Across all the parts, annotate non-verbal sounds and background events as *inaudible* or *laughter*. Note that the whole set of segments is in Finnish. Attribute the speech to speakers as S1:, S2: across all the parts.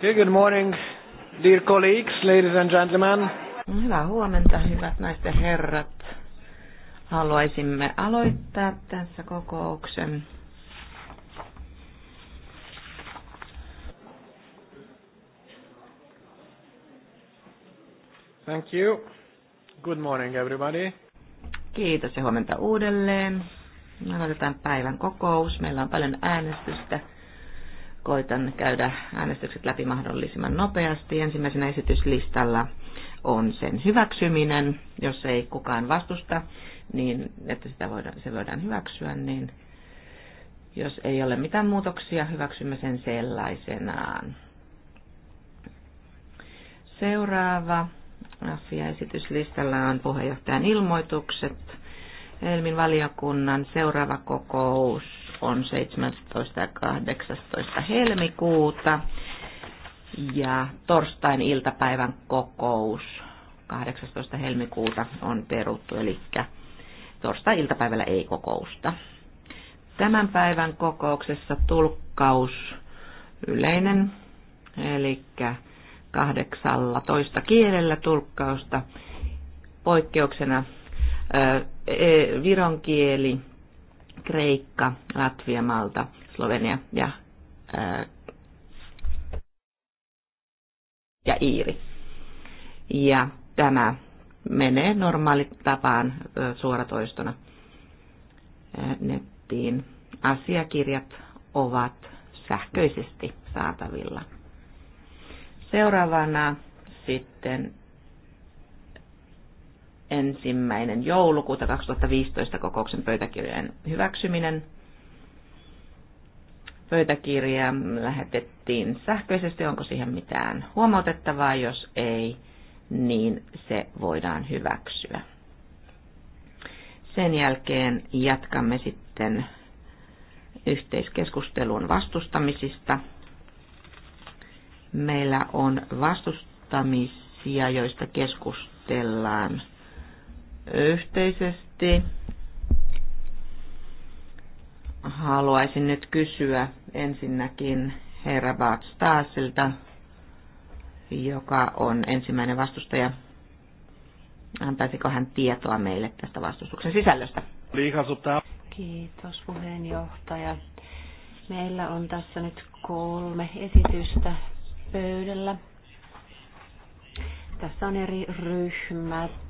S1: Okay, good morning, dear colleagues, ladies and gentlemen. Hyvää huomenta, hyvät naiset ja
S2: herrat. Haluaisimme aloittaa tässä kokouksen.
S1: Thank you. Good morning, everybody.
S2: Kiitos ja huomenta uudelleen. Aloitetaan päivän kokous. Meillä on paljon äänestystä koitan käydä äänestykset läpi mahdollisimman nopeasti. Ensimmäisenä esityslistalla on sen hyväksyminen. Jos ei kukaan vastusta, niin että sitä voidaan, se voidaan hyväksyä, niin jos ei ole mitään muutoksia, hyväksymme sen sellaisenaan. Seuraava asia esityslistalla on puheenjohtajan ilmoitukset. Elmin valiokunnan seuraava kokous on 17. ja 18. helmikuuta ja torstain iltapäivän kokous 18. helmikuuta on peruttu, eli torstain iltapäivällä ei kokousta. Tämän päivän kokouksessa tulkkaus yleinen, eli 18 kielellä tulkkausta. Poikkeuksena e, viron kieli, Kreikka, Latvia, Malta, Slovenia ja, ää, äh, ja Iiri. Ja tämä menee normaalitapaan äh, suoratoistona äh, nettiin. Asiakirjat ovat sähköisesti saatavilla. Seuraavana sitten ensimmäinen joulukuuta 2015 kokouksen pöytäkirjojen hyväksyminen. Pöytäkirja lähetettiin sähköisesti, onko siihen mitään huomautettavaa, jos ei, niin se voidaan hyväksyä. Sen jälkeen jatkamme sitten yhteiskeskustelun vastustamisista. Meillä on vastustamisia, joista keskustellaan yhteisesti. Haluaisin nyt kysyä ensinnäkin herra Bart Stasilta, joka on ensimmäinen vastustaja. Antaisiko hän tietoa meille tästä vastustuksen sisällöstä?
S1: Kiitos puheenjohtaja. Meillä on tässä nyt kolme esitystä pöydällä. Tässä on eri ryhmät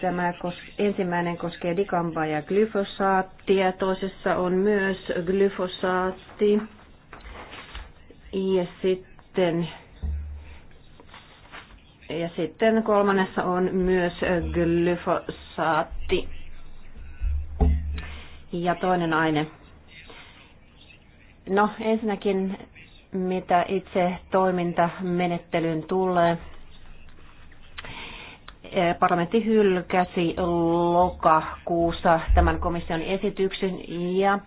S1: Tämä ensimmäinen koskee dikambaa ja glyfosaattia, toisessa on myös glyfosaatti ja sitten, ja sitten kolmannessa on myös glyfosaatti ja toinen aine. No ensinnäkin mitä itse toimintamenettelyyn tulee, parlamentti hylkäsi lokakuussa tämän komission esityksen ja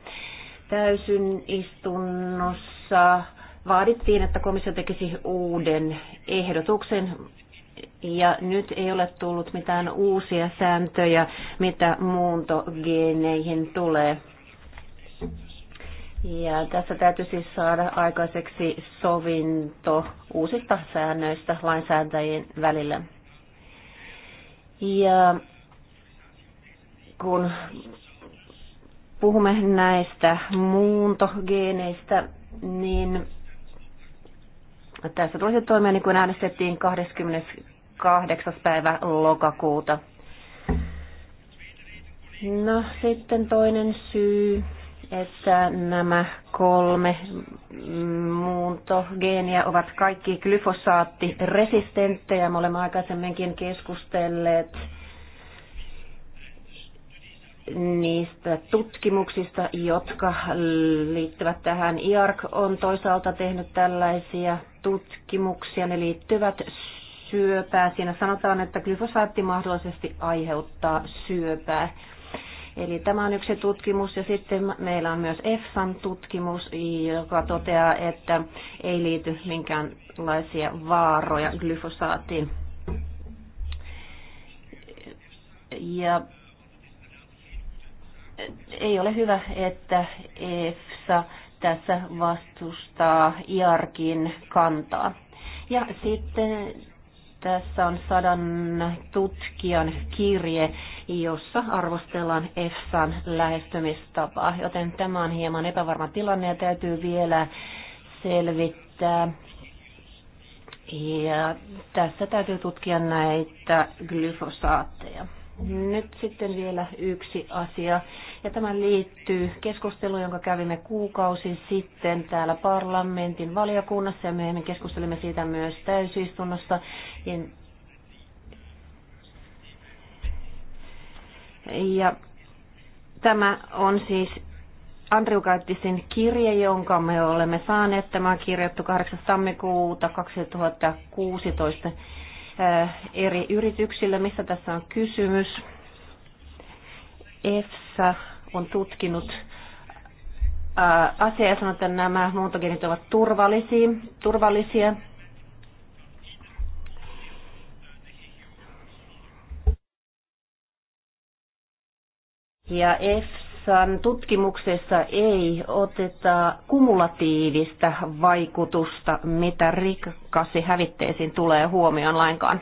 S1: täysin istunnossa vaadittiin, että komissio tekisi uuden ehdotuksen ja nyt ei ole tullut mitään uusia sääntöjä, mitä muuntogeneihin tulee. Ja tässä täytyy siis saada aikaiseksi sovinto uusista säännöistä lainsäätäjien välillä. Ja kun puhumme näistä muuntogeeneistä, niin tässä tulisi toimia niin kuin äänestettiin 28. päivä lokakuuta. No sitten toinen syy että nämä kolme muuntogeeniä ovat kaikki glyfosaattiresistenttejä. Me olemme aikaisemminkin keskustelleet niistä tutkimuksista, jotka liittyvät tähän. IARC on toisaalta tehnyt tällaisia tutkimuksia. Ne liittyvät syöpää. Siinä sanotaan, että glyfosaatti mahdollisesti aiheuttaa syöpää. Eli tämä on yksi tutkimus ja sitten meillä on myös EFSAn tutkimus, joka toteaa, että ei liity minkäänlaisia vaaroja glyfosaattiin. Ja ei ole hyvä, että EFSA tässä vastustaa IARKin kantaa. Ja sitten tässä on sadan tutkijan kirje, jossa arvostellaan EFSAn lähestymistapaa, joten tämä on hieman epävarma tilanne ja täytyy vielä selvittää. Ja tässä täytyy tutkia näitä glyfosaatteja. Nyt sitten vielä yksi asia, ja tämä liittyy keskusteluun, jonka kävimme kuukausi sitten täällä parlamentin valiokunnassa, ja myöhemmin keskustelimme siitä myös täysistunnossa. Ja tämä on siis Andrew Kaittisin kirje, jonka me olemme saaneet. Tämä on kirjoittu 8. tammikuuta 2016. Eh, eri yrityksille, mistä tässä on kysymys. EFSA on tutkinut eh, asiaa ja sanoo, että nämä muuntogeenit ovat turvallisia. turvallisia. Ja EFSA EFSAn tutkimuksessa ei oteta kumulatiivista vaikutusta, mitä rikkasi hävitteisiin tulee huomioon lainkaan.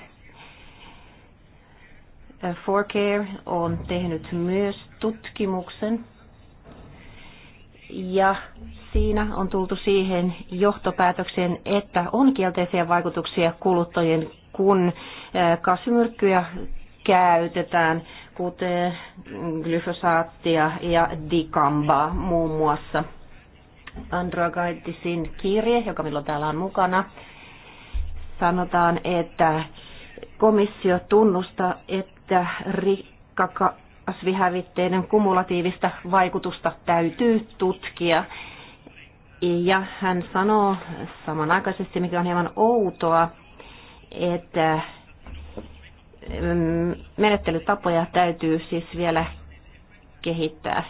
S1: Forecare on tehnyt myös tutkimuksen ja siinä on tultu siihen johtopäätökseen, että on kielteisiä vaikutuksia kuluttajien, kun kasvimyrkkyjä käytetään kuten glyfosaattia ja dikambaa muun muassa. Androgaitisin kirje, joka milloin täällä on mukana, sanotaan, että komissio tunnustaa, että rikkakasvihävitteiden kumulatiivista vaikutusta täytyy tutkia. Ja hän sanoo samanaikaisesti, mikä on hieman outoa, että menettelytapoja täytyy siis vielä kehittää.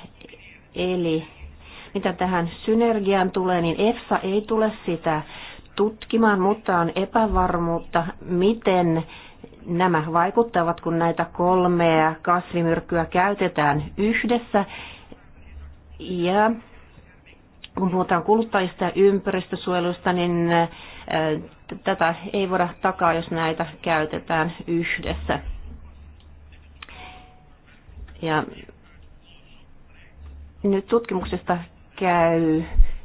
S1: Eli mitä tähän synergiaan tulee, niin EFSA ei tule sitä tutkimaan, mutta on epävarmuutta, miten nämä vaikuttavat, kun näitä kolmea kasvimyrkkyä käytetään yhdessä. Ja kun puhutaan kuluttajista ja ympäristösuojelusta, niin tätä ei voida takaa, jos näitä käytetään yhdessä. Ja nyt tutkimuksesta käy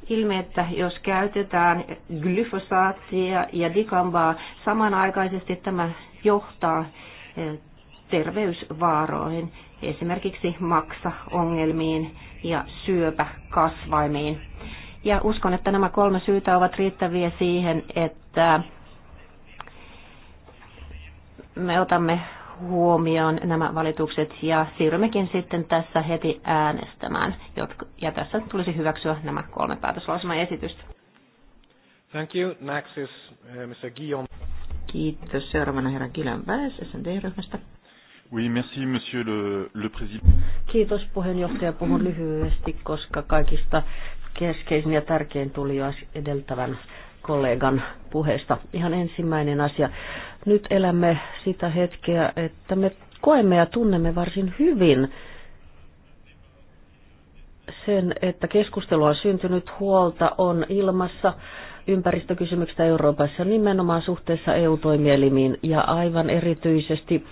S1: ilmi, että jos käytetään glyfosaatia ja dikambaa samanaikaisesti, tämä johtaa eh, terveysvaaroihin, esimerkiksi maksaongelmiin ja syöpäkasvaimiin. Ja uskon, että nämä kolme syytä ovat riittäviä siihen, että me otamme huomioon nämä valitukset ja siirrymmekin sitten tässä heti äänestämään. Ja tässä tulisi hyväksyä nämä kolme päätöslausumaesitystä. Thank you. Next is uh, Mr. Guillaume.
S2: Kiitos. Seuraavana herra Guillaume Väes, SND-ryhmästä.
S1: Oui, merci, monsieur le, le président. Kiitos puheenjohtaja. Puhun lyhyesti, koska kaikista keskeisin ja tärkein tuli jo edeltävän kollegan puheesta. Ihan ensimmäinen asia. Nyt elämme sitä hetkeä, että me koemme ja tunnemme varsin hyvin sen, että keskustelua on syntynyt, huolta on ilmassa ympäristökysymyksistä Euroopassa nimenomaan suhteessa EU-toimielimiin ja aivan erityisesti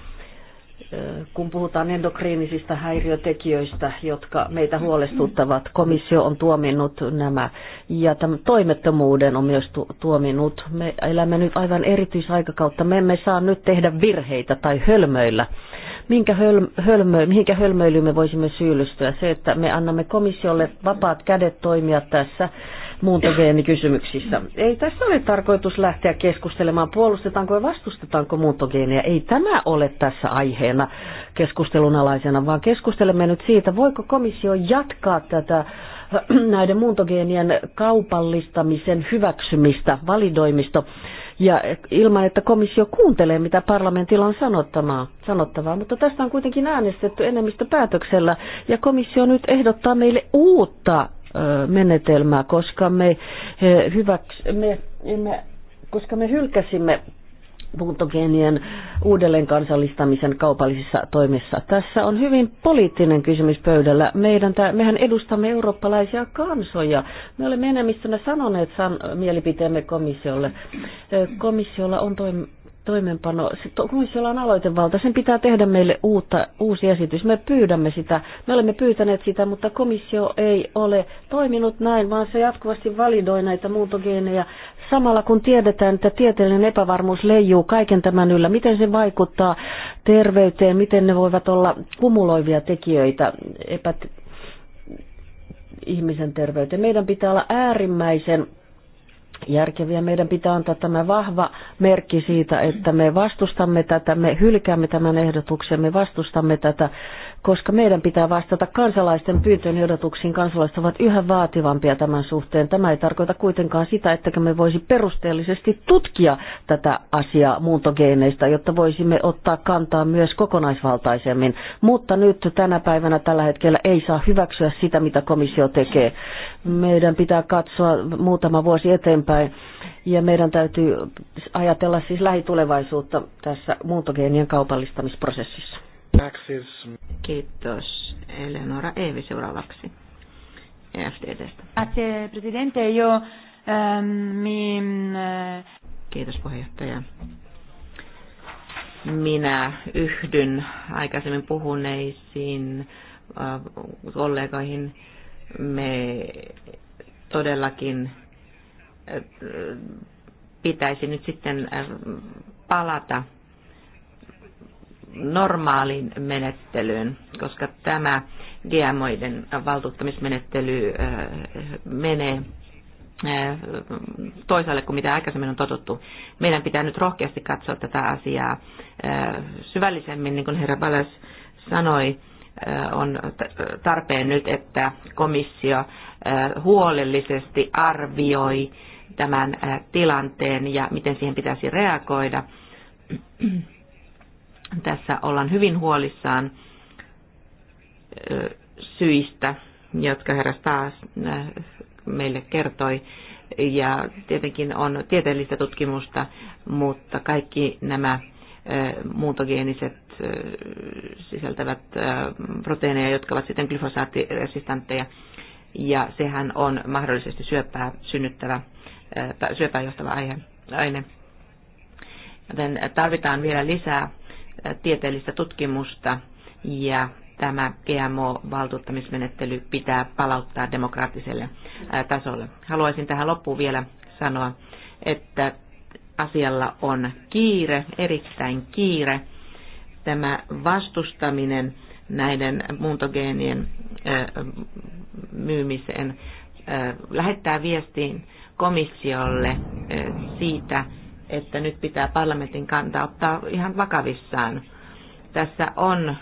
S1: kun puhutaan endokriinisistä häiriötekijöistä, jotka meitä huolestuttavat. Komissio on tuominnut nämä ja tämän toimettomuuden on myös tu- tuominnut. Me elämme nyt aivan erityisaikakautta. Me emme saa nyt tehdä virheitä tai hölmöillä. Minkä höl- hölmö- mihinkä hölmöilyyn me voisimme syyllistyä? Se, että me annamme komissiolle vapaat kädet toimia tässä muuntogeenikysymyksissä. Ei tässä ole tarkoitus lähteä keskustelemaan, puolustetaanko ja vastustetaanko muuntogeenejä. Ei tämä ole tässä aiheena keskustelun alaisena, vaan keskustelemme nyt siitä, voiko komissio jatkaa tätä *clears throat* näiden muuntogeenien kaupallistamisen hyväksymistä, validoimista, ja ilman, että komissio kuuntelee, mitä parlamentilla on sanottavaa, sanottavaa. Mutta tästä on kuitenkin äänestetty enemmistöpäätöksellä, ja komissio nyt ehdottaa meille uutta menetelmää, koska me, hyväks, me, me, koska me hylkäsimme muuntogeenien uudelleen kansallistamisen kaupallisissa toimissa. Tässä on hyvin poliittinen kysymys pöydällä. Meidän, mehän edustamme eurooppalaisia kansoja. Me olemme enemmistönä sanoneet san, mielipiteemme komissiolle. Komissiolla on toim- toimenpano, se to, komissiolla on aloitevalta, sen pitää tehdä meille uutta, uusi esitys. Me pyydämme sitä, me olemme pyytäneet sitä, mutta komissio ei ole toiminut näin, vaan se jatkuvasti validoi näitä muuntogeenejä samalla kun tiedetään, että tieteellinen epävarmuus leijuu kaiken tämän yllä. Miten se vaikuttaa terveyteen, miten ne voivat olla kumuloivia tekijöitä epä, ihmisen terveyteen. Meidän pitää olla äärimmäisen järkeviä. Meidän pitää antaa tämä vahva merkki siitä, että me vastustamme tätä, me hylkäämme tämän ehdotuksen, me vastustamme tätä koska meidän pitää vastata kansalaisten pyyntöön ja odotuksiin. Kansalaiset ovat yhä vaativampia tämän suhteen. Tämä ei tarkoita kuitenkaan sitä, että me voisi perusteellisesti tutkia tätä asiaa muuntogeeneistä, jotta voisimme ottaa kantaa myös kokonaisvaltaisemmin. Mutta nyt tänä päivänä tällä hetkellä ei saa hyväksyä sitä, mitä komissio tekee. Meidän pitää katsoa muutama vuosi eteenpäin ja meidän täytyy ajatella siis lähitulevaisuutta tässä muuntogeenien kaupallistamisprosessissa. Taxes.
S2: Kiitos. Eleonora Eevi seuraavaksi EFTTstä.
S1: Grazie, presidente. Io, ähm, mi, äh...
S2: Kiitos puheenjohtaja. Minä yhdyn aikaisemmin puhuneisiin äh, kollegoihin. Me todellakin äh, pitäisi nyt sitten äh, palata normaaliin menettelyyn, koska tämä GMOiden valtuuttamismenettely äh, menee äh, toisaalle kuin mitä aikaisemmin on totuttu. Meidän pitää nyt rohkeasti katsoa tätä asiaa äh, syvällisemmin, niin kuin herra Balas sanoi, on tarpeen nyt, että komissio huolellisesti arvioi tämän tilanteen ja miten siihen pitäisi reagoida tässä ollaan hyvin huolissaan syistä, jotka herra taas meille kertoi. Ja tietenkin on tieteellistä tutkimusta, mutta kaikki nämä muutogeeniset sisältävät proteiineja, jotka ovat sitten glyfosaattiresistantteja. Ja sehän on mahdollisesti syöpää synnyttävä, syöpää johtava aine. Joten tarvitaan vielä lisää tieteellistä tutkimusta ja tämä GMO-valtuuttamismenettely pitää palauttaa demokraattiselle tasolle. Haluaisin tähän loppuun vielä sanoa, että asialla on kiire, erittäin kiire. Tämä vastustaminen näiden muuntogeenien myymiseen lähettää viestiin komissiolle siitä, että nyt pitää parlamentin kantaa ottaa ihan vakavissaan. Tässä on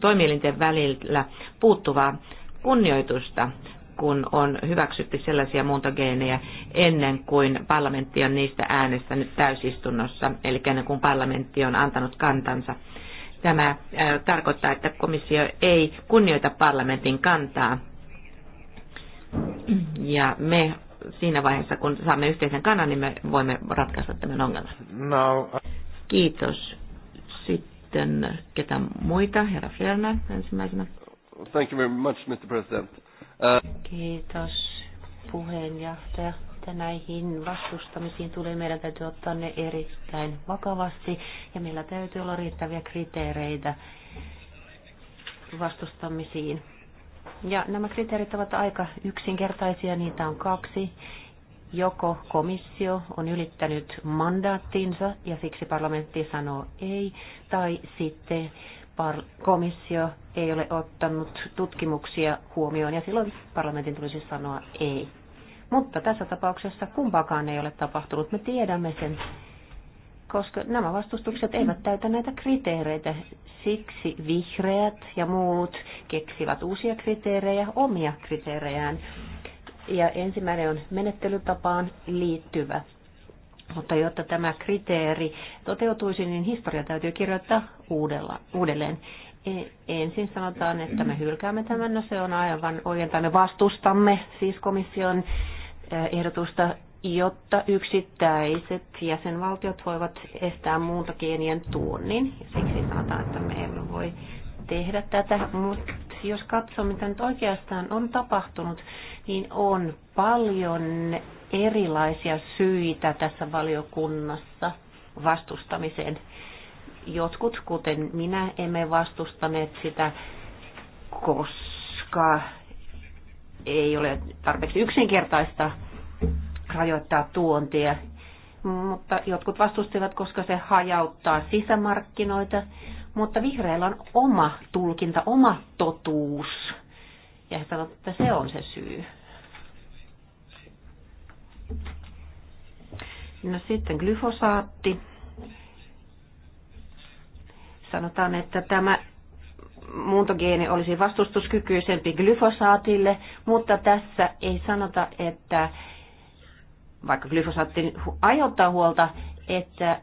S2: toimielinten välillä puuttuvaa kunnioitusta, kun on hyväksytty sellaisia muuntogeenejä ennen kuin parlamentti on niistä nyt täysistunnossa, eli ennen kuin parlamentti on antanut kantansa. Tämä tarkoittaa, että komissio ei kunnioita parlamentin kantaa. Ja me siinä vaiheessa, kun saamme yhteisen kannan, niin me voimme ratkaista tämän ongelman. No. Kiitos. Sitten ketä muita? Herra Fjellner ensimmäisenä.
S1: Thank you very much, Mr. President. Uh... Kiitos puheenjohtaja. näihin vastustamisiin tulee, meidän täytyy ottaa ne erittäin vakavasti ja meillä täytyy olla riittäviä kriteereitä vastustamisiin ja nämä kriteerit ovat aika yksinkertaisia, niitä on kaksi. Joko komissio on ylittänyt mandaattinsa ja siksi parlamentti sanoo ei, tai sitten komissio ei ole ottanut tutkimuksia huomioon ja silloin parlamentin tulisi sanoa ei. Mutta tässä tapauksessa kumpaakaan ei ole tapahtunut. Me tiedämme sen koska nämä vastustukset eivät täytä näitä kriteereitä. Siksi vihreät ja muut keksivät uusia kriteerejä, omia kriteerejään. Ja ensimmäinen on menettelytapaan liittyvä. Mutta jotta tämä kriteeri toteutuisi, niin historia täytyy kirjoittaa uudella, uudelleen. E, ensin sanotaan, että me hylkäämme tämän, no se on aivan oikein, tai me vastustamme siis komission e, ehdotusta jotta yksittäiset jäsenvaltiot voivat estää muuntogeenien tuonnin. Ja siksi sanotaan, että me emme voi tehdä tätä, mutta jos katsoo, mitä nyt oikeastaan on tapahtunut, niin on paljon erilaisia syitä tässä valiokunnassa vastustamiseen. Jotkut, kuten minä, emme vastustaneet sitä, koska ei ole tarpeeksi yksinkertaista rajoittaa tuontia, mutta jotkut vastustivat, koska se hajauttaa sisämarkkinoita, mutta vihreillä on oma tulkinta, oma totuus. Ja he sanovat, että se on se syy. No sitten glyfosaatti. Sanotaan, että tämä muuntogeeni olisi vastustuskykyisempi glyfosaatille, mutta tässä ei sanota, että vaikka glyfosaatti aiheuttaa huolta, että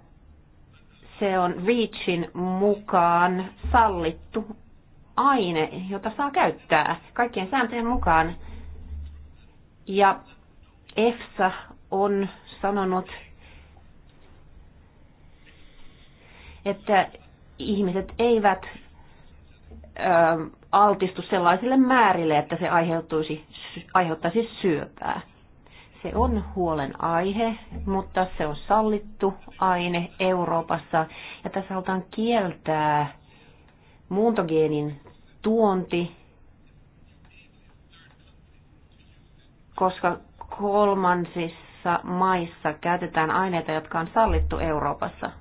S1: se on REACHin mukaan sallittu aine, jota saa käyttää kaikkien sääntöjen mukaan. Ja EFSA on sanonut, että ihmiset eivät altistu sellaisille määrille, että se aiheuttaisi syöpää. Se on huolen aihe, mutta se on sallittu aine Euroopassa. Ja tässä halutaan kieltää muuntogeenin tuonti, koska kolmansissa maissa käytetään aineita, jotka on sallittu Euroopassa.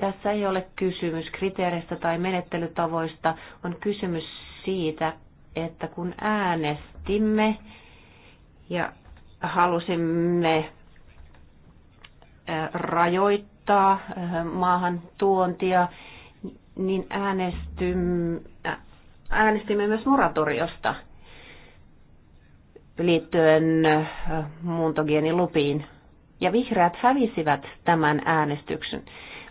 S1: Tässä ei ole kysymys kriteereistä tai menettelytavoista, on kysymys siitä, että kun äänestimme ja halusimme äh, rajoittaa äh, maahan tuontia, niin äh, äänestimme myös moratoriosta liittyen muuntogeenilupiin. Ja vihreät hävisivät tämän äänestyksen.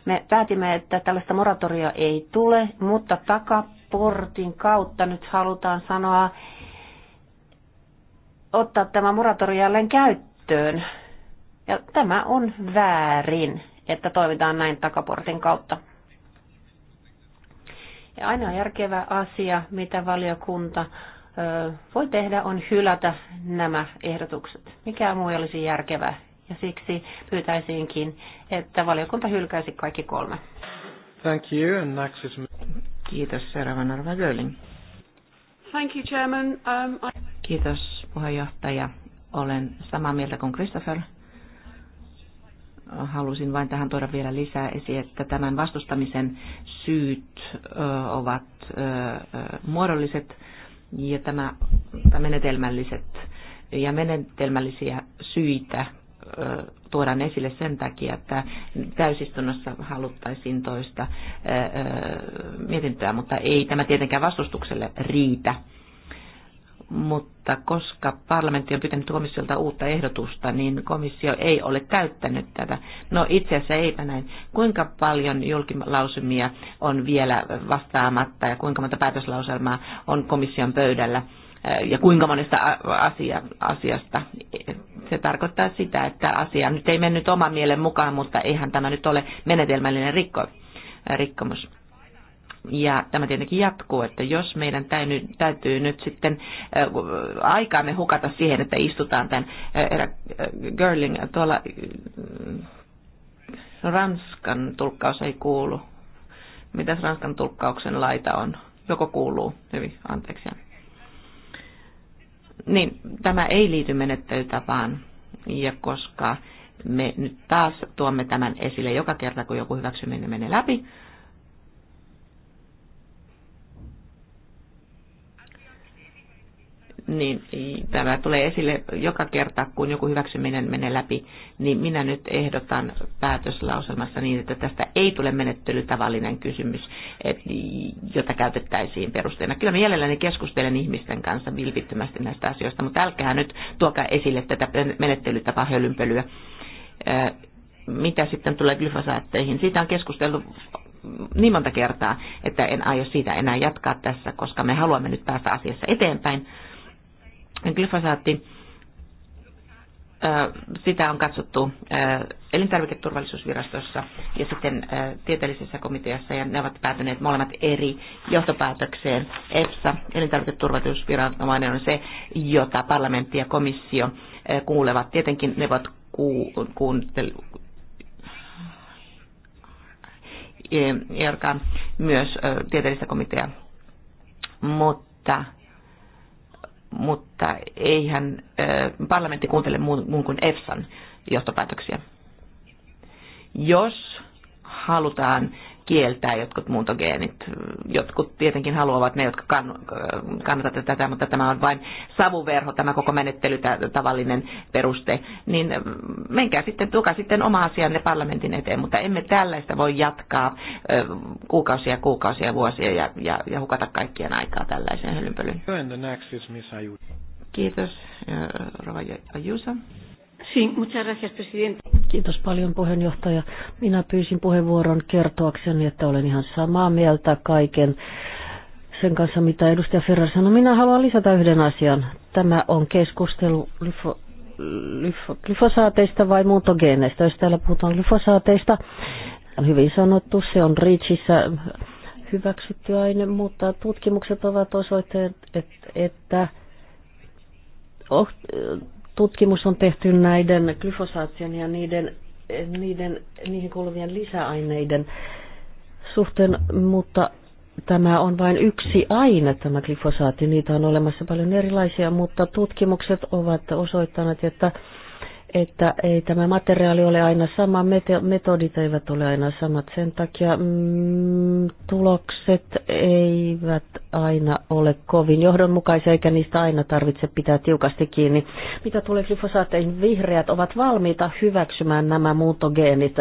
S1: Me päätimme, että tällaista moratoria ei tule, mutta takaportin kautta nyt halutaan sanoa, ottaa tämä moratorio jälleen käyttöön. Ja tämä on väärin, että toimitaan näin takaportin kautta. Ja aina järkevä asia, mitä valiokunta voi tehdä, on hylätä nämä ehdotukset. Mikä muu olisi järkevää. Ja siksi pyytäisinkin, että valiokunta hylkäisi kaikki kolme. Thank you, and next is... Kiitos, seuraava Norva Thank you, Chairman. Um, I...
S2: Kiitos, puheenjohtaja. Olen samaa mieltä kuin Christopher. Halusin vain tähän tuoda vielä lisää esiin, että tämän vastustamisen syyt ovat muodolliset ja tämä, menetelmälliset ja menetelmällisiä syitä tuodaan esille sen takia, että täysistunnossa haluttaisiin toista mietintöä, mutta ei tämä tietenkään vastustukselle riitä mutta koska parlamentti on pyytänyt komissiolta uutta ehdotusta, niin komissio ei ole täyttänyt tätä. No itse asiassa eipä näin. Kuinka paljon julkilausumia on vielä vastaamatta ja kuinka monta päätöslauselmaa on komission pöydällä? Äh, ja kuinka monesta asia, asiasta. Se tarkoittaa sitä, että asia nyt ei mennyt oman mielen mukaan, mutta eihän tämä nyt ole menetelmällinen rikko, rikkomus. Ja tämä tietenkin jatkuu, että jos meidän täytyy, nyt sitten äh, aikaamme hukata siihen, että istutaan tämän äh, erä äh, Girling tuolla Ranskan tulkkaus ei kuulu. Mitäs Ranskan tulkkauksen laita on? Joko kuuluu? Hyvin, anteeksi. Niin, tämä ei liity menettelytapaan. Ja koska me nyt taas tuomme tämän esille joka kerta, kun joku hyväksyminen menee läpi, niin tämä tulee esille joka kerta, kun joku hyväksyminen menee läpi, niin minä nyt ehdotan päätöslauselmassa niin, että tästä ei tule menettelytavallinen kysymys, et, jota käytettäisiin perusteena. Kyllä mielelläni keskustelen ihmisten kanssa vilpittömästi näistä asioista, mutta älkää nyt tuokaa esille tätä menettelytapa hölynpölyä. Mitä sitten tulee glyfosaatteihin? Siitä on keskusteltu niin monta kertaa, että en aio siitä enää jatkaa tässä, koska me haluamme nyt päästä asiassa eteenpäin glyfosaatti, sitä on katsottu elintarviketurvallisuusvirastossa ja sitten tieteellisessä komiteassa, ja ne ovat päätyneet molemmat eri johtopäätökseen. Epsa elintarviketurvallisuusviranomainen, on se, jota parlamentti ja komissio kuulevat. Tietenkin ne ovat ku- e, e, joka myös tieteellistä komitea, mutta mutta eihän parlamentti kuuntele muun kuin EFSAn johtopäätöksiä. Jos halutaan kieltää jotkut muuntogeenit. Jotkut tietenkin haluavat ne, jotka kannattavat tätä, mutta tämä on vain savuverho, tämä koko menettely, tämä tavallinen peruste. Niin mm, menkää sitten, tuokaa sitten oma asianne parlamentin eteen, mutta emme tällaista voi jatkaa kuukausia, kuukausia, vuosia ja, ja, ja hukata kaikkien aikaa tällaiseen hölynpölyyn.
S1: Kiitos, Rova Ajusa.
S2: Sí, muchas gracias, presidente.
S1: Kiitos paljon puheenjohtaja. Minä pyysin puheenvuoron kertoakseni, että olen ihan samaa mieltä kaiken sen kanssa, mitä edustaja Ferrar sanoi. Minä haluan lisätä yhden asian. Tämä on keskustelu lyfo, lyfo, glyfosaateista vai muuntogeeneistä. Jos täällä puhutaan glyfosaateista, on hyvin sanottu, se on Riitsissä hyväksytty aine, mutta tutkimukset ovat osoitteet, että, että tutkimus on tehty näiden glyfosaation ja niiden, niiden, niihin kuuluvien lisäaineiden suhteen, mutta tämä on vain yksi aine, tämä glyfosaatti. Niitä on olemassa paljon erilaisia, mutta tutkimukset ovat osoittaneet, että että ei tämä materiaali ole aina sama, metodit eivät ole aina samat. Sen takia mm, tulokset eivät aina ole kovin johdonmukaisia, eikä niistä aina tarvitse pitää tiukasti kiinni. Mitä tulee glyfosaatteihin, vihreät ovat valmiita hyväksymään nämä muuntogeenit.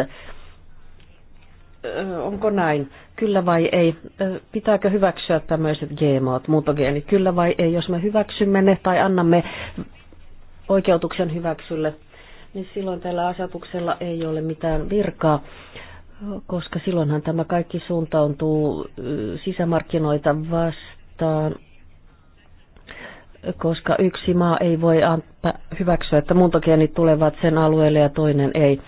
S1: Onko näin? Kyllä vai ei? Pitääkö hyväksyä tämmöiset GMOt, muuntogeenit? Kyllä vai ei? Jos me hyväksymme ne tai annamme oikeutuksen hyväksylle niin silloin tällä asetuksella ei ole mitään virkaa, koska silloinhan tämä kaikki suuntautuu sisämarkkinoita vastaan koska yksi maa ei voi hyväksyä, että muuntogeenit tulevat sen alueelle ja toinen ei.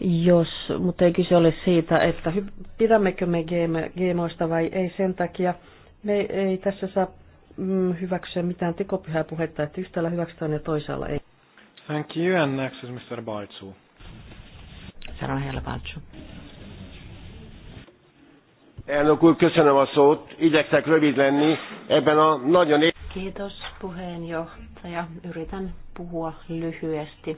S1: Jos, mutta ei kyse ole siitä, että pidämmekö me GMOista vai ei sen takia. Me ei tässä saa mm, hyväksyä mitään tekopyhää puhetta, että yhtäällä hyväksytään ja toisaalla ei. Thank you, and next is Mr. Balcu. Sano Hella Elnök úr, köszönöm a szót. Igyekszek rövid lenni ebben a nagyon... Kiitos puheenjohtaja. Yritän puhua lyhyesti.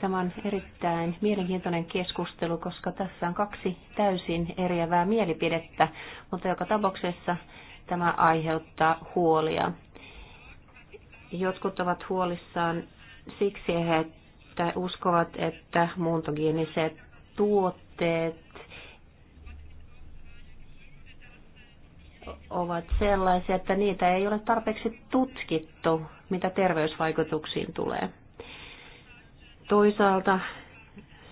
S1: Tämä on erittäin mielenkiintoinen keskustelu, koska tässä on kaksi täysin eriävää mielipidettä, mutta joka tapauksessa tämä aiheuttaa huolia. Jotkut ovat huolissaan siksi, että uskovat, että muuntogeeniset tuotteet ovat sellaisia, että niitä ei ole tarpeeksi tutkittu, mitä terveysvaikutuksiin tulee. Toisaalta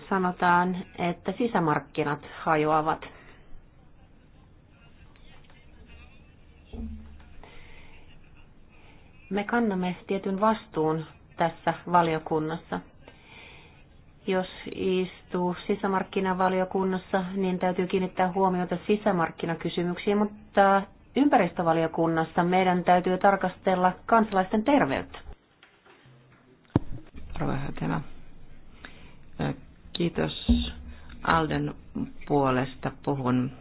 S1: sanotaan, että sisämarkkinat hajoavat. me kannamme tietyn vastuun tässä valiokunnassa. Jos istuu sisämarkkinavaliokunnassa, niin täytyy kiinnittää huomiota sisämarkkinakysymyksiin, mutta ympäristövaliokunnassa meidän täytyy tarkastella kansalaisten terveyttä.
S2: Röyhätenä. Kiitos Alden puolesta puhun.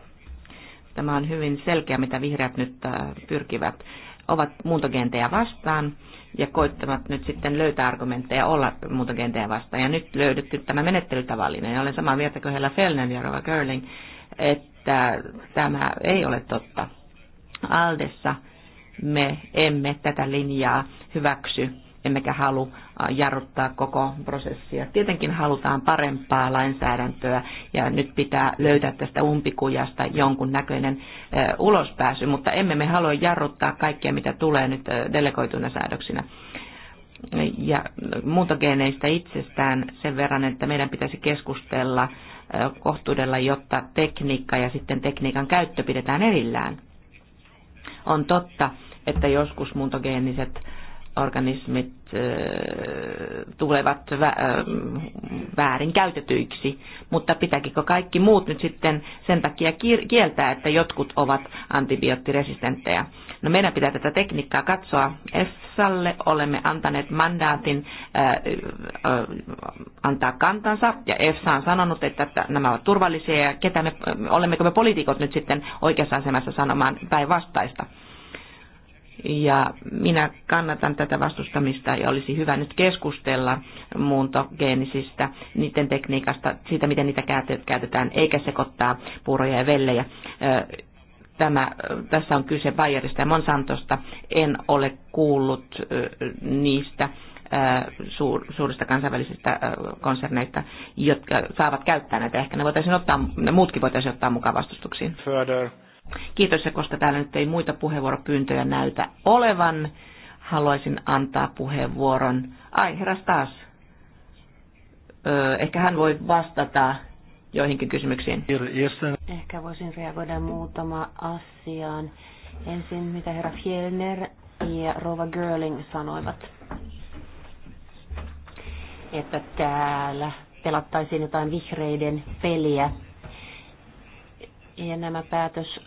S2: Tämä on hyvin selkeä, mitä vihreät nyt äh, pyrkivät ovat muuntogentejä vastaan ja koittavat nyt sitten löytää argumentteja olla muuntogentejä vastaan. Ja nyt löydetty tämä menettelytavallinen. Ja olen samaa mieltä kuin Hella Fellner ja Rova Görling, että tämä ei ole totta. Aldessa me emme tätä linjaa hyväksy emmekä halua jarruttaa koko prosessia. Tietenkin halutaan parempaa lainsäädäntöä ja nyt pitää löytää tästä umpikujasta jonkun näköinen ulospääsy, mutta emme me halua jarruttaa kaikkea, mitä tulee nyt delegoituina säädöksinä ja muuntogeeneistä itsestään sen verran, että meidän pitäisi keskustella kohtuudella, jotta tekniikka ja sitten tekniikan käyttö pidetään erillään. On totta, että joskus muuntogeeniset organismit tulevat väärin käytetyiksi, mutta pitäkikö kaikki muut nyt sitten sen takia kieltää, että jotkut ovat antibioottiresistenttejä? No meidän pitää tätä tekniikkaa katsoa. EFSAlle olemme antaneet mandaatin antaa kantansa, ja EFSA on sanonut, että nämä ovat turvallisia, ja ketä me, olemmeko me poliitikot nyt sitten oikeassa asemassa sanomaan päinvastaista. Ja minä kannatan tätä vastustamista ja olisi hyvä nyt keskustella muuntogeenisistä, niiden tekniikasta, siitä miten niitä käytetään, eikä sekoittaa puuroja ja vellejä. Tämä, tässä on kyse Bayerista ja Monsantosta. En ole kuullut niistä suurista kansainvälisistä konserneista, jotka saavat käyttää näitä. Ehkä ne voitaisiin ottaa, ne muutkin voitaisiin ottaa mukaan vastustuksiin. Further. Kiitos, ja koska täällä nyt ei muita puheenvuoropyyntöjä näytä olevan, haluaisin antaa puheenvuoron. Ai, herras taas. Öö, ehkä hän voi vastata joihinkin kysymyksiin.
S1: Ehkä voisin reagoida muutama asiaan. Ensin, mitä herra Fjellner ja Rova Görling sanoivat. Että täällä pelattaisiin jotain vihreiden peliä. Ja nämä päätös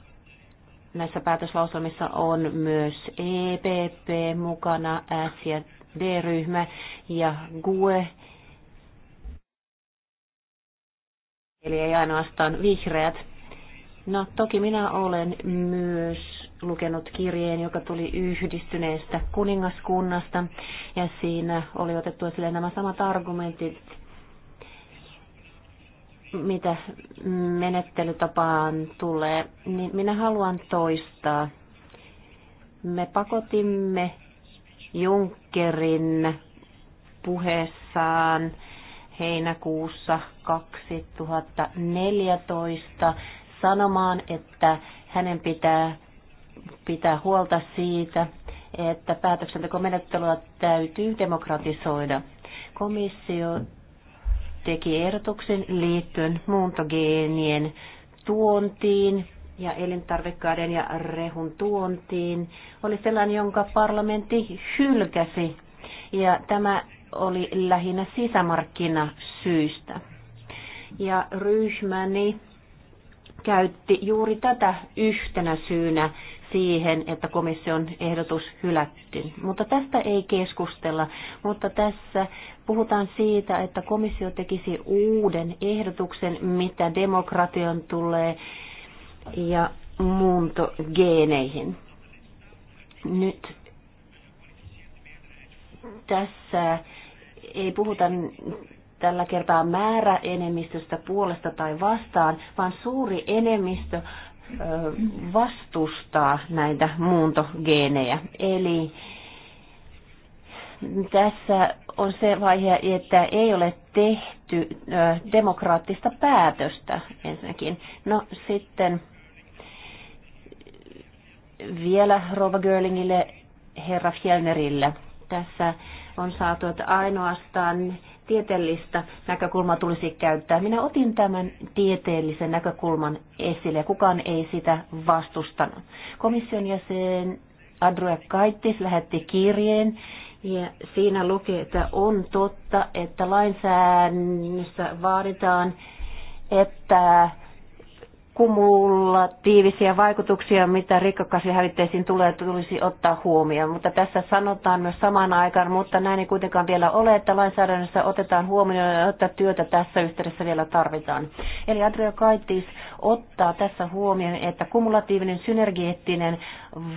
S1: näissä päätöslauselmissa on myös EPP mukana, S ja D-ryhmä ja GUE. Eli ei ainoastaan vihreät. No toki minä olen myös lukenut kirjeen, joka tuli yhdistyneestä kuningaskunnasta, ja siinä oli otettu esille nämä samat argumentit, mitä menettelytapaan tulee, niin minä haluan toistaa. Me pakotimme Junckerin puheessaan heinäkuussa 2014 sanomaan, että hänen pitää pitää huolta siitä, että päätöksentekomenettelyä täytyy demokratisoida. Komissio teki ehdotuksen liittyen muuntogeenien tuontiin ja elintarvikkaiden ja rehun tuontiin, oli sellainen, jonka parlamentti hylkäsi. Ja tämä oli lähinnä sisämarkkinasyistä. Ja ryhmäni käytti juuri tätä yhtenä syynä siihen, että komission ehdotus hylättiin. Mutta tästä ei keskustella, mutta tässä puhutaan siitä, että komissio tekisi uuden ehdotuksen, mitä demokratian tulee ja muuntogeeneihin. Nyt tässä ei puhuta tällä kertaa määräenemmistöstä puolesta tai vastaan, vaan suuri enemmistö vastustaa näitä muuntogeenejä. Eli tässä on se vaihe, että ei ole tehty demokraattista päätöstä ensinnäkin. No sitten vielä Rova Görlingille, herra Fjellnerille. Tässä on saatu, että ainoastaan tieteellistä näkökulmaa tulisi käyttää. Minä otin tämän tieteellisen näkökulman esille ja kukaan ei sitä vastustanut. Komission jäsen Andrea Kaittis lähetti kirjeen ja siinä lukee, että on totta, että lainsäädännössä vaaditaan, että kumulatiivisia vaikutuksia, mitä rikkakasvihävitteisiin tulee, tulisi ottaa huomioon. Mutta tässä sanotaan myös samaan aikaan, mutta näin ei kuitenkaan vielä ole, että lainsäädännössä otetaan huomioon, että työtä tässä yhteydessä vielä tarvitaan. Eli Andrea Kaitis ottaa tässä huomioon, että kumulatiivinen synergiettinen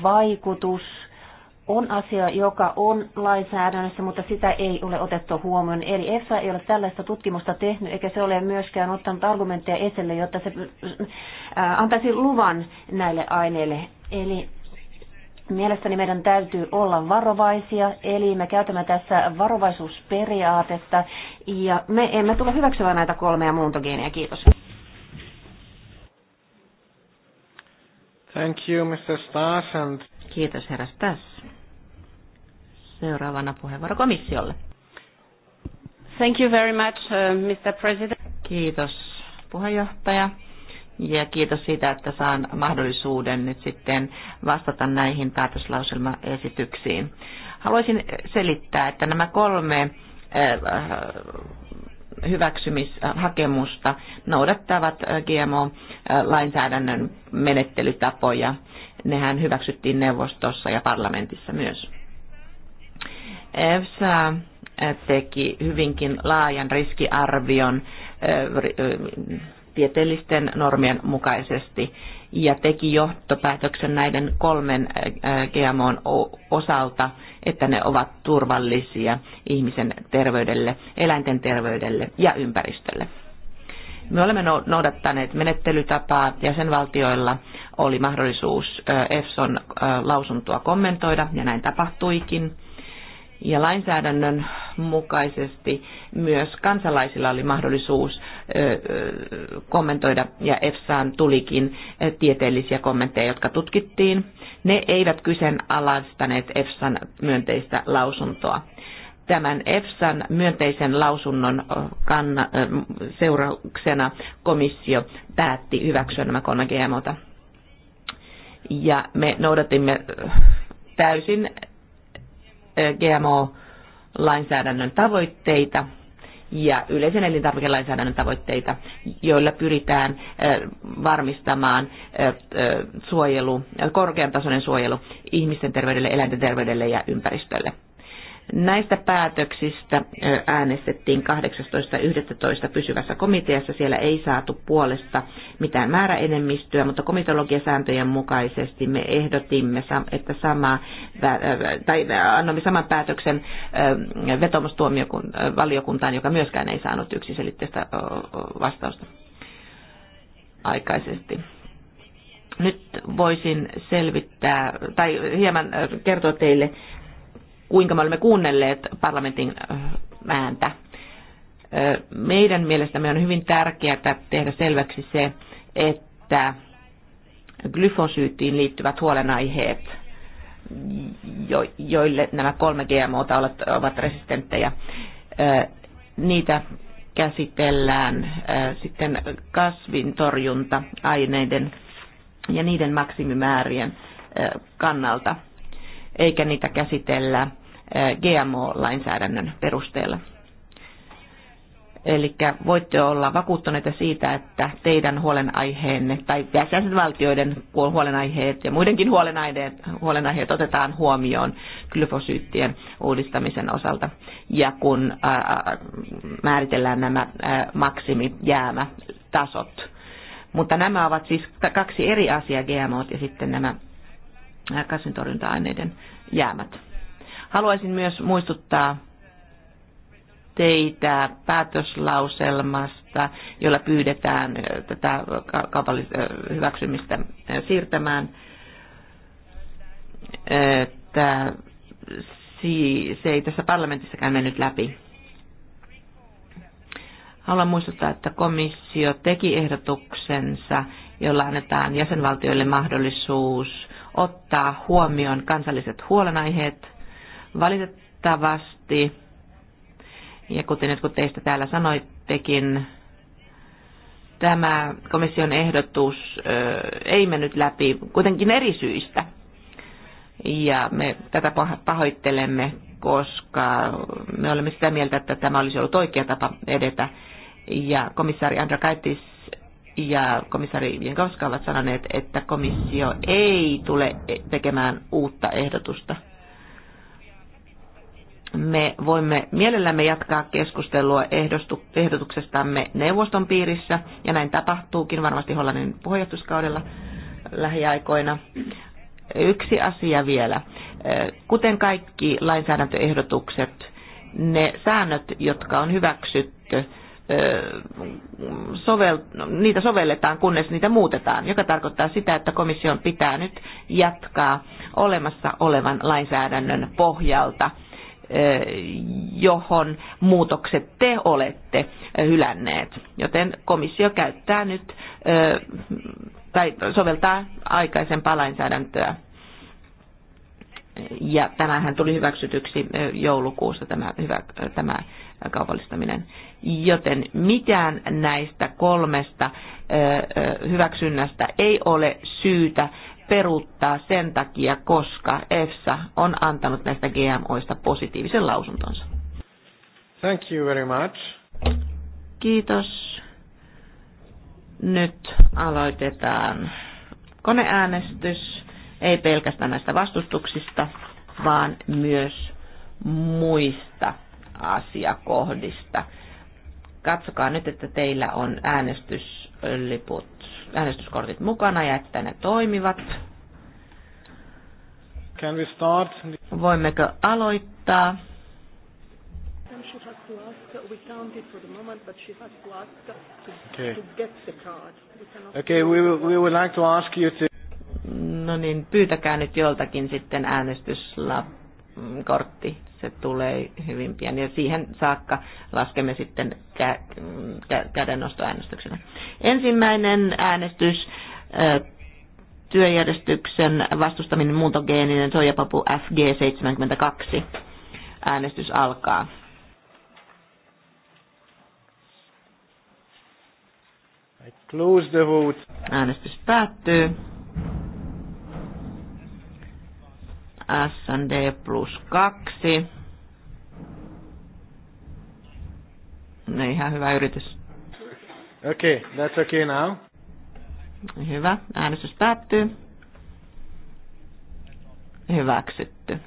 S1: vaikutus – on asia, joka on lainsäädännössä, mutta sitä ei ole otettu huomioon. Eli EFSA ei ole tällaista tutkimusta tehnyt, eikä se ole myöskään ottanut argumentteja esille, jotta se äh, antaisi luvan näille aineille. Eli mielestäni meidän täytyy olla varovaisia, eli me käytämme tässä varovaisuusperiaatetta, ja me emme tule hyväksymään näitä kolmea muuntogeenia Kiitos. Thank you, Mr. Stas. And... Kiitos, herra Stas. Seuraavana puheenvuoro komissiolle. Thank you very much, uh, Mr. President. Kiitos puheenjohtaja. Ja kiitos siitä, että saan mahdollisuuden
S2: nyt sitten vastata näihin päätöslauselmaesityksiin. Haluaisin selittää, että nämä kolme äh, hyväksymishakemusta noudattavat äh, GMO-lainsäädännön äh, menettelytapoja. Nehän hyväksyttiin neuvostossa ja parlamentissa myös. EFSA eh, teki hyvinkin laajan riskiarvion eh, eh, tieteellisten normien mukaisesti ja teki johtopäätöksen näiden kolmen GMOn osalta, että ne ovat turvallisia ihmisen terveydelle, eläinten terveydelle ja ympäristölle. Me olemme no-, noudattaneet menettelytapaa. Jäsenvaltioilla oli mahdollisuus EFSON lausuntoa kommentoida, ja näin tapahtuikin. Ja lainsäädännön mukaisesti myös kansalaisilla oli mahdollisuus kommentoida, ja EFSAan tulikin tieteellisiä kommentteja, jotka tutkittiin. Ne eivät kyseenalaistaneet EFSAn myönteistä lausuntoa tämän EFSAn myönteisen lausunnon kanna, seurauksena komissio päätti hyväksyä nämä kolme GMOta. Ja me noudatimme täysin GMO-lainsäädännön tavoitteita ja yleisen elintarvikelainsäädännön tavoitteita, joilla pyritään varmistamaan suojelu, korkean tasoinen suojelu ihmisten terveydelle, eläinten terveydelle ja ympäristölle. Näistä päätöksistä äänestettiin 18.11. pysyvässä komiteassa. Siellä ei saatu puolesta mitään määräenemmistöä, mutta komitologiasääntöjen mukaisesti me ehdotimme, että sama, tai annamme saman päätöksen vetomustuomiovaliokuntaan, joka myöskään ei saanut yksiselitteistä vastausta aikaisesti nyt voisin selvittää tai hieman kertoa teille kuinka me olemme kuunnelleet parlamentin ääntä. Meidän mielestämme on hyvin tärkeää tehdä selväksi se, että glyfosyyttiin liittyvät huolenaiheet, joille nämä kolme GMOta ovat resistenttejä, niitä käsitellään sitten kasvintorjunta-aineiden ja niiden maksimimäärien kannalta, eikä niitä käsitellä GMO-lainsäädännön perusteella. Eli voitte olla vakuuttuneita siitä, että teidän huolenaiheenne tai jäsenvaltioiden huolenaiheet ja muidenkin huolenaiheet, huolenaiheet otetaan huomioon glyfosyyttien uudistamisen osalta. Ja kun ää, määritellään nämä ää, maksimijäämätasot. Mutta nämä ovat siis kaksi eri asiaa, GMO ja sitten nämä kasvintorjunta-aineiden jäämät. Haluaisin myös muistuttaa teitä päätöslauselmasta, jolla pyydetään tätä kaupallis- hyväksymistä siirtämään. Että se ei tässä parlamentissakään mennyt läpi. Haluan muistuttaa, että komissio teki ehdotuksensa, jolla annetaan jäsenvaltioille mahdollisuus ottaa huomioon kansalliset huolenaiheet Valitettavasti, ja kuten jotkut teistä täällä sanoittekin, tämä komission ehdotus ei mennyt läpi kuitenkin eri syistä. Ja me tätä pahoittelemme, koska me olemme sitä mieltä, että tämä olisi ollut oikea tapa edetä. Ja komissaari Kaitis ja komissaari Jenkovska ovat sanoneet, että komissio ei tule tekemään uutta ehdotusta – me voimme mielellämme jatkaa keskustelua ehdotuksestamme neuvoston piirissä, ja näin tapahtuukin varmasti Hollannin puheenjohtajuuskaudella lähiaikoina. Yksi asia vielä. Kuten kaikki lainsäädäntöehdotukset, ne säännöt, jotka on hyväksytty, sovel, niitä sovelletaan, kunnes niitä muutetaan, joka tarkoittaa sitä, että komission pitää nyt jatkaa olemassa olevan lainsäädännön pohjalta – johon muutokset te olette hylänneet. Joten komissio käyttää nyt tai soveltaa aikaisempaa lainsäädäntöä. Ja tämähän tuli hyväksytyksi joulukuussa tämä, hyvä, tämä kaupallistaminen. Joten mitään näistä kolmesta hyväksynnästä ei ole syytä peruuttaa sen takia, koska EFSA on antanut näistä GMOista positiivisen lausuntonsa.
S1: Thank you very much.
S2: Kiitos. Nyt aloitetaan koneäänestys, ei pelkästään näistä vastustuksista, vaan myös muista asiakohdista. Katsokaa nyt, että teillä on äänestysliput äänestyskortit mukana ja että ne toimivat. Can we start? Voimmeko aloittaa? No niin, pyytäkää nyt joltakin sitten äänestyslappu kortti. Se tulee hyvin pieni. ja siihen saakka laskemme sitten kä- kä- Ensimmäinen äänestys työjärjestyksen vastustaminen muuntogeeninen soijapapu FG72. Äänestys alkaa. I close the vote. Äänestys päättyy. SND plus kaksi. No ihan hyvä yritys.
S1: Okei, okay, that's okay now.
S2: Hyvä, äänestys päättyy. Hyväksytty.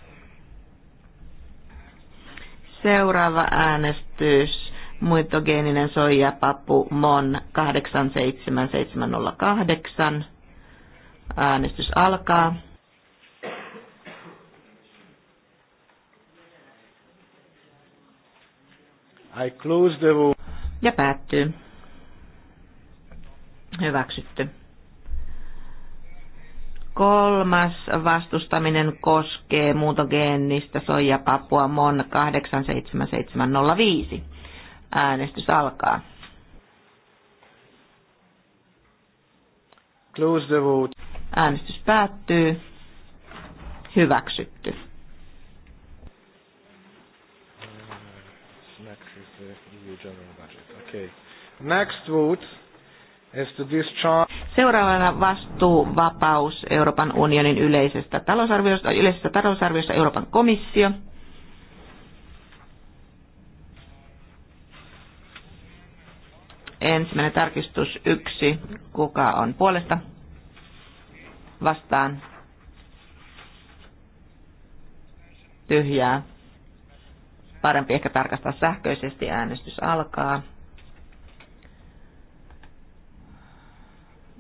S2: Seuraava äänestys. Muitogeeninen soijapapu MON 87708. Äänestys alkaa.
S1: I close the room.
S2: Ja päättyy. Hyväksytty. Kolmas vastustaminen koskee muutogeenistä soijapapua MON 87705. Äänestys alkaa.
S1: Close the vote.
S2: Äänestys päättyy. Hyväksytty.
S1: the EU general budget. Okay.
S2: Next vote is to discharge. Seuraavana vastuuvapaus Euroopan unionin yleisestä talousarviosta, yleisestä talousarviosta Euroopan komissio. Ensimmäinen tarkistus yksi. Kuka on puolesta? Vastaan. Tyhjää parempi ehkä tarkastaa sähköisesti. Äänestys alkaa.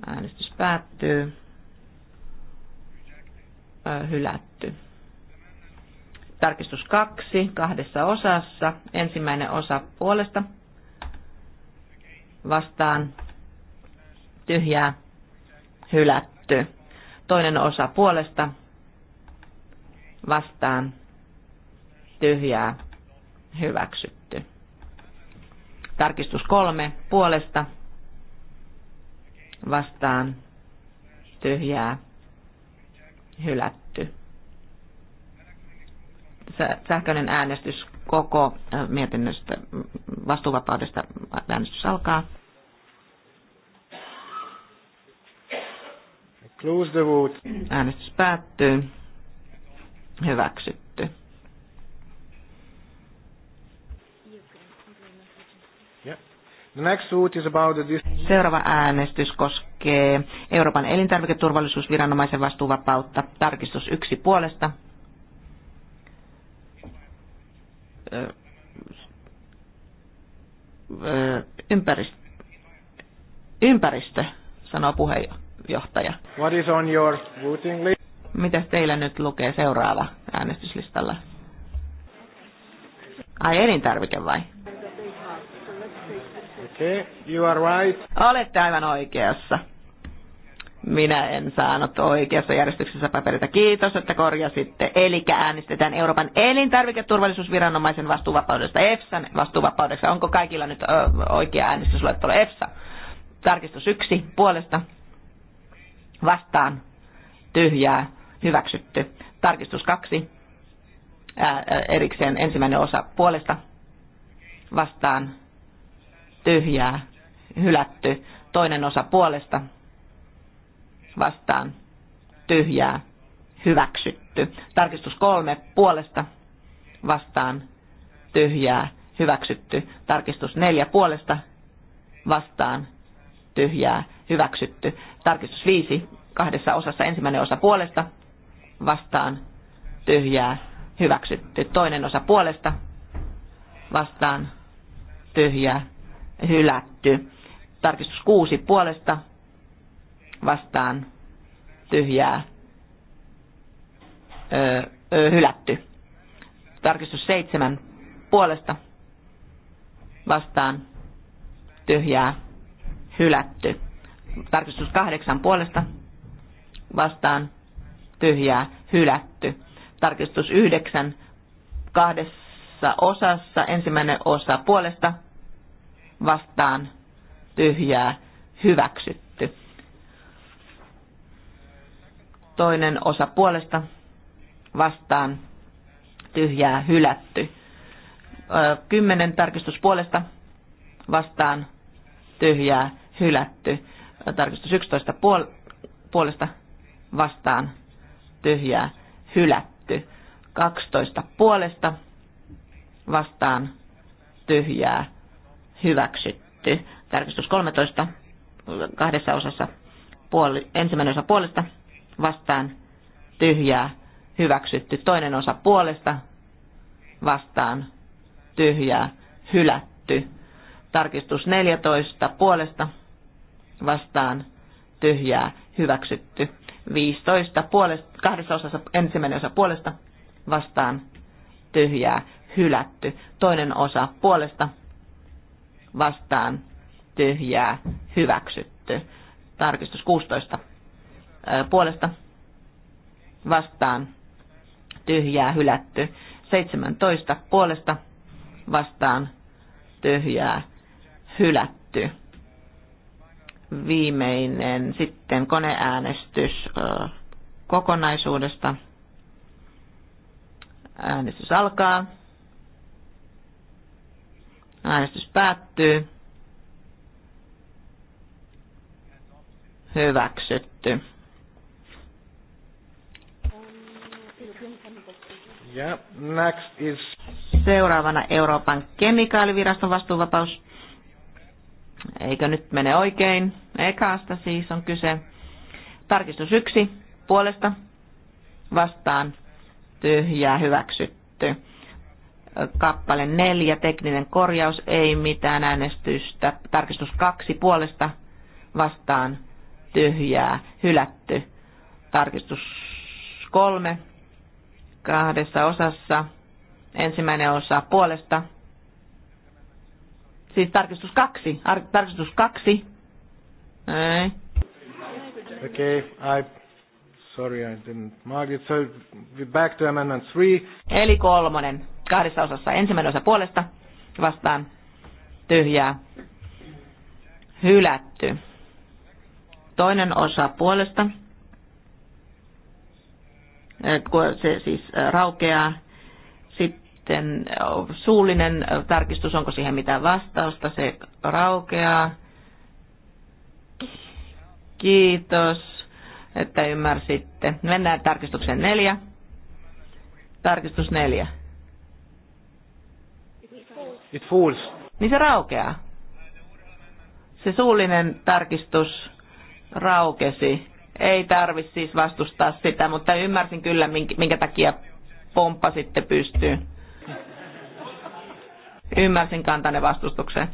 S2: Äänestys päättyy. Hylätty. Tarkistus kaksi kahdessa osassa. Ensimmäinen osa puolesta vastaan tyhjää hylätty. Toinen osa puolesta vastaan tyhjää hyväksytty. Tarkistus kolme puolesta vastaan tyhjää hylätty. Sähköinen äänestys koko mietinnöstä vastuuvapaudesta äänestys alkaa. Close the vote. Äänestys päättyy. Hyväksytty. Seuraava äänestys koskee Euroopan elintarviketurvallisuusviranomaisen vastuuvapautta. Tarkistus yksi puolesta. Ympäristö, ympäristö sanoo puheenjohtaja.
S1: What is on your
S2: teillä nyt lukee seuraava äänestyslistalla? Ai elintarvike vai?
S1: Okay, eh, you
S2: are right. Olette aivan oikeassa. Minä en saanut oikeassa järjestyksessä paperita. Kiitos, että korjasitte. Eli äänestetään Euroopan elintarviketurvallisuusviranomaisen vastuuvapaudesta EFSAn vastuuvapaudeksi. Onko kaikilla nyt oikea äänestysluettelo EFSA? Tarkistus yksi puolesta. Vastaan. Tyhjää. Hyväksytty. Tarkistus kaksi. Ää, erikseen ensimmäinen osa puolesta. Vastaan tyhjää, hylätty. Toinen osa puolesta vastaan tyhjää, hyväksytty. Tarkistus kolme puolesta vastaan tyhjää, hyväksytty. Tarkistus neljä puolesta vastaan tyhjää, hyväksytty. Tarkistus viisi kahdessa osassa ensimmäinen osa puolesta vastaan tyhjää, hyväksytty. Toinen osa puolesta vastaan tyhjää, hylätty. Tarkistus kuusi puolesta vastaan tyhjää ö, ö, hylätty. Tarkistus seitsemän puolesta vastaan tyhjää hylätty. Tarkistus kahdeksan puolesta vastaan tyhjää hylätty. Tarkistus yhdeksän kahdessa osassa. Ensimmäinen osa puolesta vastaan tyhjää hyväksytty. Toinen osa puolesta vastaan tyhjää hylätty. Kymmenen tarkistus puolesta vastaan tyhjää hylätty. Tarkistus 11 puol- puolesta vastaan tyhjää hylätty. 12 puolesta vastaan tyhjää hyväksytty. Tarkistus 13 kahdessa osassa puoli, ensimmäinen osa puolesta vastaan tyhjää hyväksytty. Toinen osa puolesta vastaan tyhjää hylätty. Tarkistus 14 puolesta vastaan tyhjää hyväksytty. 15 puolesta, kahdessa osassa ensimmäinen osa puolesta vastaan tyhjää hylätty. Toinen osa puolesta vastaan tyhjää hyväksytty. Tarkistus 16 puolesta vastaan tyhjää hylätty. 17 puolesta vastaan tyhjää hylätty. Viimeinen sitten koneäänestys kokonaisuudesta. Äänestys alkaa. Äänestys päättyy. Hyväksytty.
S1: Yeah, next is...
S2: Seuraavana Euroopan kemikaaliviraston vastuuvapaus. Eikö nyt mene oikein? Ekaasta siis on kyse. Tarkistus yksi puolesta vastaan tyhjää hyväksytty kappale 4, tekninen korjaus, ei mitään äänestystä. Tarkistus 2, puolesta vastaan tyhjää, hylätty. Tarkistus 3, kahdessa osassa. Ensimmäinen osa puolesta. Siis tarkistus 2, Ar- tarkistus 2, Ei.
S1: Okay, I,
S2: sorry I didn't mark it. So back to amendment three. Eli kolmonen kahdessa osassa. Ensimmäinen osa puolesta vastaan tyhjää hylätty. Toinen osa puolesta, eh, se siis eh, raukeaa. Sitten eh, suullinen tarkistus, onko siihen mitään vastausta, se raukeaa. Kiitos, että ymmärsitte. Mennään tarkistukseen neljä. Tarkistus neljä.
S1: It fools. Niin se
S2: raukeaa. Se suullinen tarkistus raukesi. Ei tarvi siis vastustaa sitä, mutta ymmärsin kyllä, minkä takia pomppa sitten pystyy. Ymmärsin kantane vastustukseen.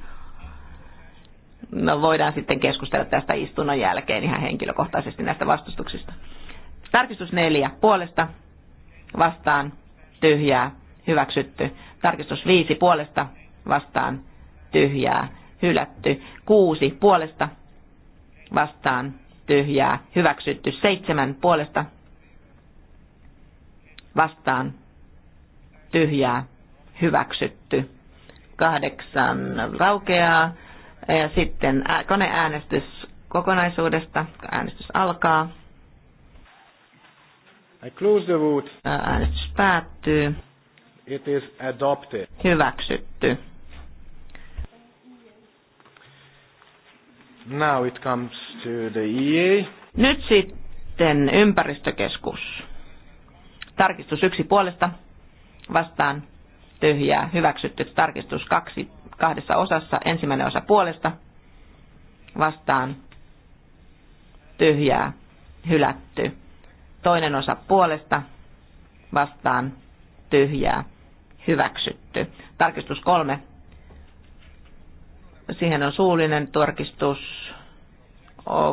S2: No voidaan sitten keskustella tästä istunnon jälkeen ihan henkilökohtaisesti näistä vastustuksista. Tarkistus neljä. Puolesta vastaan tyhjää hyväksytty. Tarkistus viisi puolesta vastaan tyhjää hylätty. Kuusi puolesta vastaan tyhjää hyväksytty. Seitsemän puolesta vastaan tyhjää hyväksytty. Kahdeksan raukeaa. Ja sitten koneäänestys kokonaisuudesta. Äänestys alkaa.
S1: I close the vote. Äänestys
S2: päättyy.
S1: It is adopted.
S2: Hyväksytty. Now it comes to the EA. Nyt sitten ympäristökeskus. Tarkistus yksi puolesta vastaan tyhjää hyväksytty. Tarkistus kaksi kahdessa osassa. Ensimmäinen osa puolesta vastaan tyhjää hylätty. Toinen osa puolesta vastaan tyhjää hyväksytty. Tarkistus kolme Siihen on suullinen tarkistus.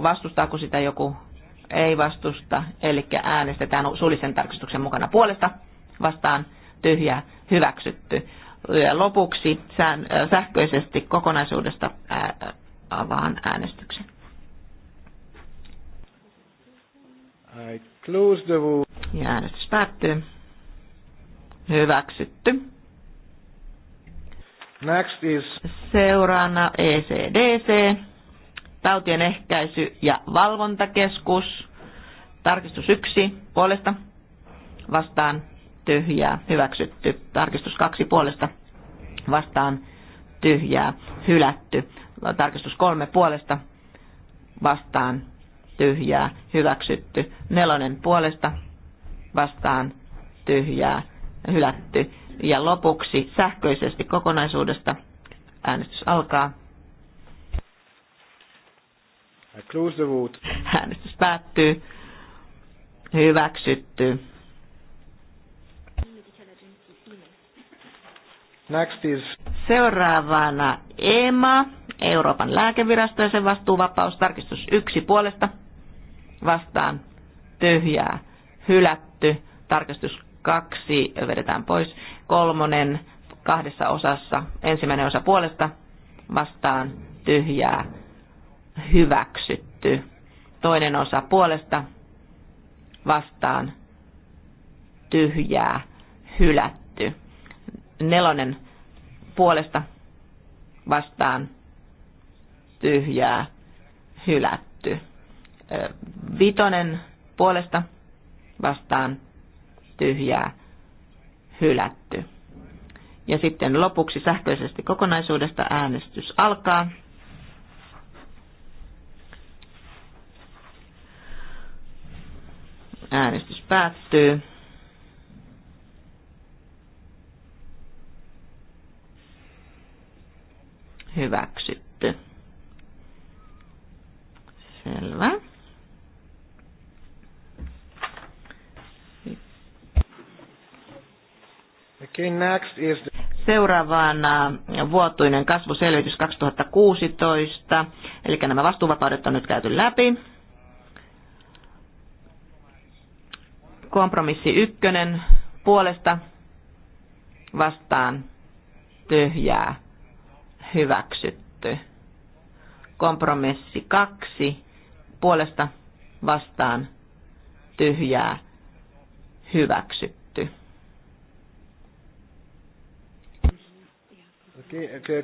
S2: Vastustaako sitä joku? Ei vastusta. Eli äänestetään suullisen tarkistuksen mukana puolesta vastaan tyhjää hyväksytty. Ja lopuksi sähköisesti kokonaisuudesta avaan äänestyksen. I close the... Ja äänestys päättyy. Hyväksytty. Next is... Seuraana ECDC, tautien ehkäisy- ja valvontakeskus. Tarkistus 1 puolesta vastaan tyhjää hyväksytty. Tarkistus 2 puolesta vastaan tyhjää hylätty. Tarkistus 3 puolesta vastaan tyhjää hyväksytty. Nelonen puolesta vastaan tyhjää hylätty. Ja lopuksi sähköisesti kokonaisuudesta äänestys alkaa.
S1: I close the vote.
S2: Äänestys päättyy. Hyväksytty. Next is... Seuraavana EMA, Euroopan lääkevirasto ja sen vastuuvapaus, tarkistus yksi puolesta vastaan tyhjää, hylätty, tarkistus kaksi vedetään pois, kolmonen kahdessa osassa. Ensimmäinen osa puolesta vastaan tyhjää hyväksytty. Toinen osa puolesta vastaan tyhjää hylätty. Nelonen puolesta vastaan tyhjää hylätty. Vitonen puolesta vastaan tyhjää hylätty. Ja sitten lopuksi sähköisesti kokonaisuudesta äänestys alkaa. Äänestys päättyy. Hyväksytty. Selvä. Okay, next is the... Seuraavana äh, vuotuinen kasvuselvitys 2016, eli nämä vastuuvapaudet on nyt käyty läpi. Kompromissi ykkönen puolesta vastaan tyhjää hyväksytty. Kompromissi kaksi puolesta vastaan tyhjää hyväksytty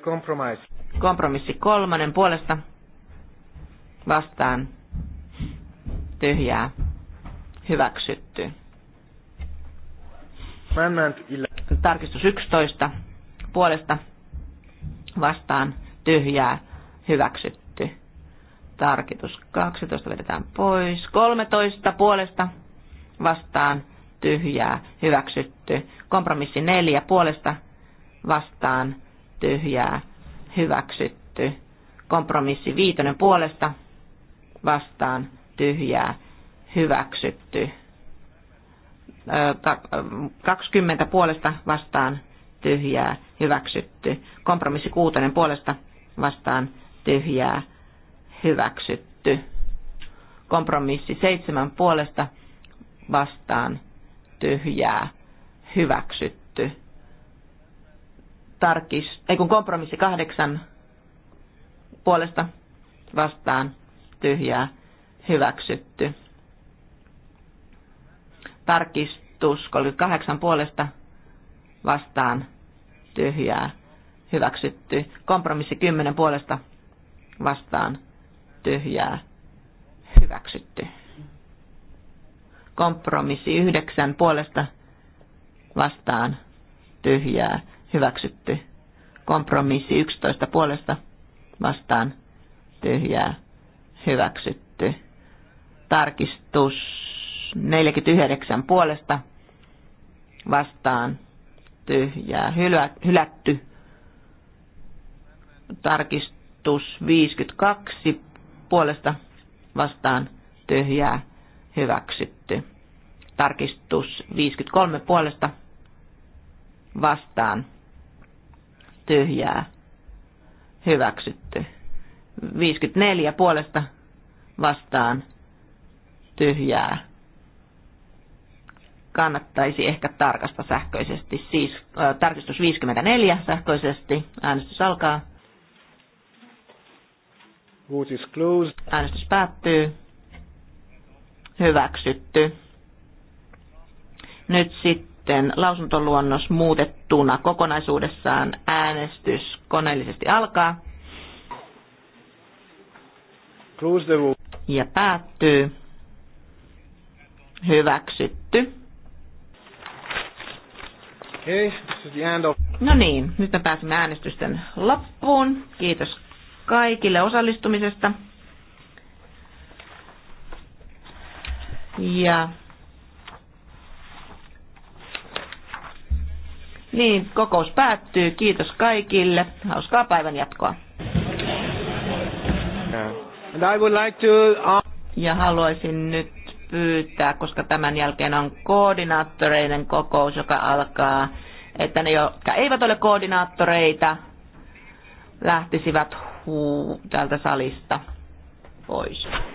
S1: Kompromissi.
S2: Kompromissi kolmannen puolesta vastaan tyhjää hyväksytty. Tarkistus 11 puolesta vastaan tyhjää hyväksytty. Tarkistus 12 vedetään pois. 13 puolesta vastaan tyhjää hyväksytty. Kompromissi 4 puolesta vastaan tyhjää hyväksytty. Kompromissi viitonen puolesta vastaan tyhjää hyväksytty. 20 puolesta vastaan tyhjää hyväksytty. Kompromissi kuutonen puolesta vastaan tyhjää hyväksytty. Kompromissi seitsemän puolesta vastaan tyhjää hyväksytty tarkis, ei kun kompromissi kahdeksan puolesta vastaan tyhjää hyväksytty. Tarkistus 38 puolesta vastaan tyhjää hyväksytty. Kompromissi 10 puolesta vastaan tyhjää hyväksytty. Kompromissi 9 puolesta vastaan tyhjää hyväksytty. Kompromissi 11 puolesta vastaan tyhjää hyväksytty. Tarkistus 49 puolesta vastaan tyhjää hylä, hylätty. Tarkistus 52 puolesta vastaan tyhjää hyväksytty. Tarkistus 53 puolesta vastaan tyhjää hyväksytty. 54 puolesta vastaan tyhjää. Kannattaisi ehkä tarkasta sähköisesti, siis äh, tarkistus 54 sähköisesti. Äänestys alkaa. is closed. Äänestys päättyy. Hyväksytty. Nyt sitten sitten lausuntoluonnos muutettuna kokonaisuudessaan äänestys koneellisesti alkaa. Ja päättyy. Hyväksytty. Okay, No niin, nyt me pääsemme äänestysten loppuun. Kiitos kaikille osallistumisesta. Ja Niin, kokous päättyy. Kiitos kaikille. Hauskaa päivän jatkoa. Uh, ja haluaisin nyt pyytää, koska tämän jälkeen on koordinaattoreiden kokous, joka alkaa, että ne, jotka eivät ole koordinaattoreita, lähtisivät huu, tältä salista pois.